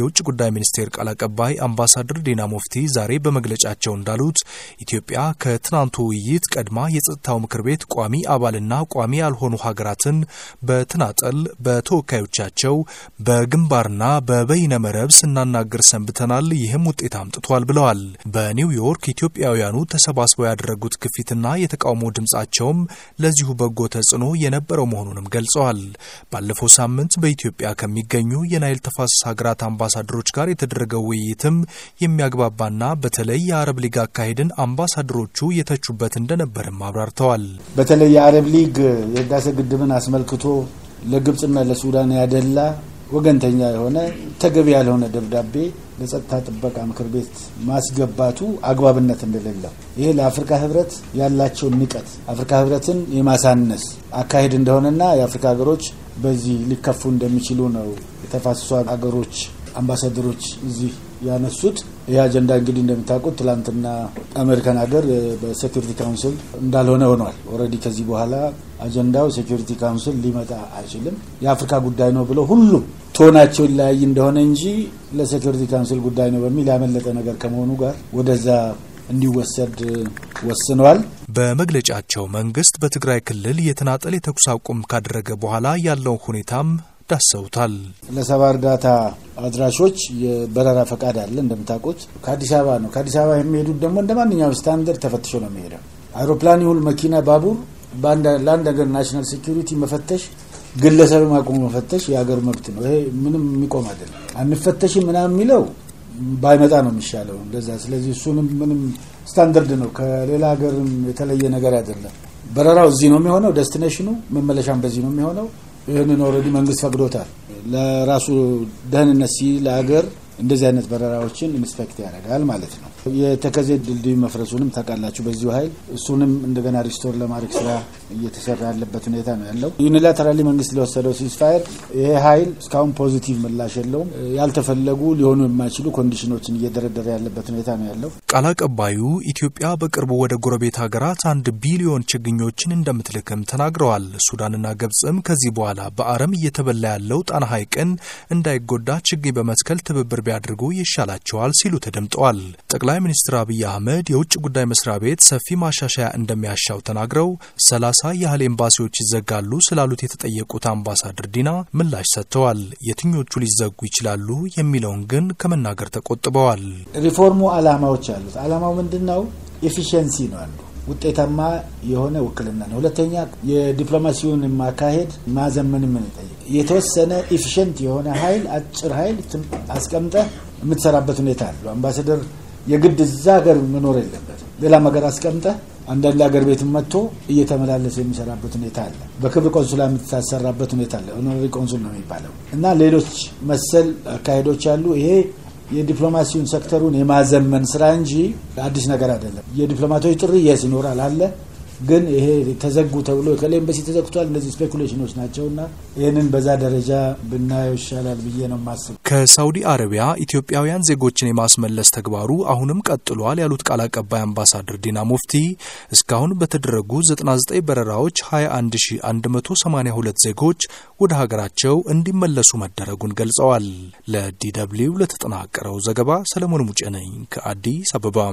የውጭ ጉዳይ ሚኒስቴር ቃል አቀባይ አምባሳደር ዲና ሙፍቲ ዛሬ በመግለጫቸው እንዳሉት ኢትዮጵያ ከትናንቱ ውይይት ቀድማ የጸጥታው ምክር ቤት ቋሚ አባልና ቋሚ ያልሆኑ ሀገራትን በተናጠል በተወካዮቻቸው በግንባርና በበይነ መረብ ስናናገር ሰንብተናል። ይህም ውጤት አምጥቷል ብለዋል። በኒውዮርክ ኢትዮጵያውያኑ ተሰባስበው ያደረጉት ግፊትና የተቃውሞ ድምጻቸውም ለዚሁ በጎ ተጽዕኖ የነበረው መሆኑንም ገልጸዋል። ባለፈው ሳምንት በኢትዮጵያ ከሚገኙ የናይል ተፋሰስ ሀገራት አምባ አምባሳደሮች ጋር የተደረገው ውይይትም የሚያግባባና በተለይ የአረብ ሊግ አካሄድን አምባሳደሮቹ የተቹበት እንደነበርም አብራርተዋል። በተለይ የአረብ ሊግ የህዳሴ ግድብን አስመልክቶ ለግብፅና ለሱዳን ያደላ ወገንተኛ የሆነ ተገቢ ያልሆነ ደብዳቤ ለጸጥታ ጥበቃ ምክር ቤት ማስገባቱ አግባብነት እንደሌለው ይሄ ለአፍሪካ ህብረት ያላቸውን ንቀት አፍሪካ ህብረትን የማሳነስ አካሄድ እንደሆነና የአፍሪካ ሀገሮች በዚህ ሊከፉ እንደሚችሉ ነው የተፋሰሱ ሀገሮች አምባሳደሮች እዚህ ያነሱት ይህ አጀንዳ እንግዲህ እንደምታውቁት ትላንትና አሜሪካን ሀገር በሴኪሪቲ ካውንስል እንዳልሆነ ሆኗል። ኦልሬዲ ከዚህ በኋላ አጀንዳው ሴኪሪቲ ካውንስል ሊመጣ አይችልም፣ የአፍሪካ ጉዳይ ነው ብለው ሁሉም ቶናቸው ሊያይ እንደሆነ እንጂ ለሴኪሪቲ ካውንስል ጉዳይ ነው በሚል ያመለጠ ነገር ከመሆኑ ጋር ወደዛ እንዲወሰድ ወስነዋል። በመግለጫቸው መንግስት በትግራይ ክልል የተናጠል የተኩስ አቁም ካደረገ በኋላ ያለው ሁኔታም ዳሰውታል። ለሰባ እርዳታ አድራሾች የበረራ ፈቃድ አለ እንደምታውቁት ከአዲስ አበባ ነው። ከአዲስ አበባ የሚሄዱት ደግሞ እንደ ማንኛውም ስታንደርድ ተፈትሾ ነው የሚሄደው። አውሮፕላን ይሁን መኪና፣ ባቡር ለአንድ ሀገር ናሽናል ሴኪሪቲ መፈተሽ ግለሰብ ማቆሙ መፈተሽ የሀገር መብት ነው። ይሄ ምንም የሚቆም አይደለም። አንፈተሽ ምናምን የሚለው ባይመጣ ነው የሚሻለው እንደዛ። ስለዚህ እሱንም ምንም ስታንደርድ ነው፣ ከሌላ ሀገርም የተለየ ነገር አይደለም። በረራው እዚህ ነው የሚሆነው፣ ደስቲኔሽኑ መመለሻም በዚህ ነው የሚሆነው። ይህንን ኦልሬዲ መንግስት ፈቅዶታል። ለራሱ ደህንነት ሲል ለሀገር እንደዚህ አይነት በረራዎችን ኢንስፔክት ያደርጋል ማለት ነው። የተከዜ ድልድይ መፍረሱንም ታውቃላችሁ። በዚሁ ኃይል እሱንም እንደገና ሪስቶር ለማድረግ ስራ እየተሰራ ያለበት ሁኔታ ነው ያለው። ዩኒላተራሊ መንግስት ለወሰደው ሲስፋየር ይሄ ኃይል እስካሁን ፖዚቲቭ ምላሽ የለውም። ያልተፈለጉ ሊሆኑ የማይችሉ ኮንዲሽኖችን እየደረደረ ያለበት ሁኔታ ነው ያለው። ቃል አቀባዩ ኢትዮጵያ በቅርቡ ወደ ጎረቤት ሀገራት አንድ ቢሊዮን ችግኞችን እንደምትልክም ተናግረዋል። ሱዳንና ግብጽም ከዚህ በኋላ በአረም እየተበላ ያለው ጣና ሐይቅን እንዳይጎዳ ችግኝ በመትከል ትብብር ቢያደርጉ ይሻላቸዋል ሲሉ ተደምጠዋል። ጠቅላይ ሚኒስትር አብይ አህመድ የውጭ ጉዳይ መስሪያ ቤት ሰፊ ማሻሻያ እንደሚያሻው ተናግረው ሰላሳ ያህል ኤምባሲዎች ይዘጋሉ ስላሉት የተጠየቁት አምባሳደር ዲና ምላሽ ሰጥተዋል። የትኞቹ ሊዘጉ ይችላሉ የሚለውን ግን ከመናገር ተቆጥበዋል። ሪፎርሙ አላማዎች አሉት። አላማው ምንድን ነው? ኤፊሽንሲ ነው አንዱ ውጤታማ የሆነ ውክልና ነው። ሁለተኛ የዲፕሎማሲውን ማካሄድ ማዘመንም ምን ይጠይቃል የተወሰነ ኤፊሽንት የሆነ ሀይል አጭር ሀይል አስቀምጠ የምትሰራበት ሁኔታ አለ። አምባሳደር የግድ እዛ ሀገር መኖር የለበትም። ሌላ ሀገር አስቀምጠ አንዳንድ ሀገር ቤትም መጥቶ እየተመላለሰ የሚሰራበት ሁኔታ አለ። በክብር ቆንሱላ የምታሰራበት ሁኔታ አለ። ኦኖሪ ቆንሱል ነው የሚባለው እና ሌሎች መሰል አካሄዶች አሉ። ይሄ የዲፕሎማሲውን ሴክተሩን የማዘመን ስራ እንጂ አዲስ ነገር አይደለም። የዲፕሎማቶች ጥሪ የስ ይኖራል አለ ግን ይሄ ተዘጉ ተብሎ ከሌ ኤምባሲ ተዘግቷል እነዚህ ስፔኩሌሽኖች ናቸውና ይህንን በዛ ደረጃ ብናየው ይሻላል ብዬ ነው ማስብ። ከሳውዲ አረቢያ ኢትዮጵያውያን ዜጎችን የማስመለስ ተግባሩ አሁንም ቀጥሏል ያሉት ቃል አቀባይ አምባሳደር ዲና ሙፍቲ እስካሁን በተደረጉ 99 በረራዎች 21182 ዜጎች ወደ ሀገራቸው እንዲመለሱ መደረጉን ገልጸዋል። ለዲ ደብልዩ ለተጠናቀረው ዘገባ ሰለሞን ሙጬ ነኝ ከአዲስ አበባ።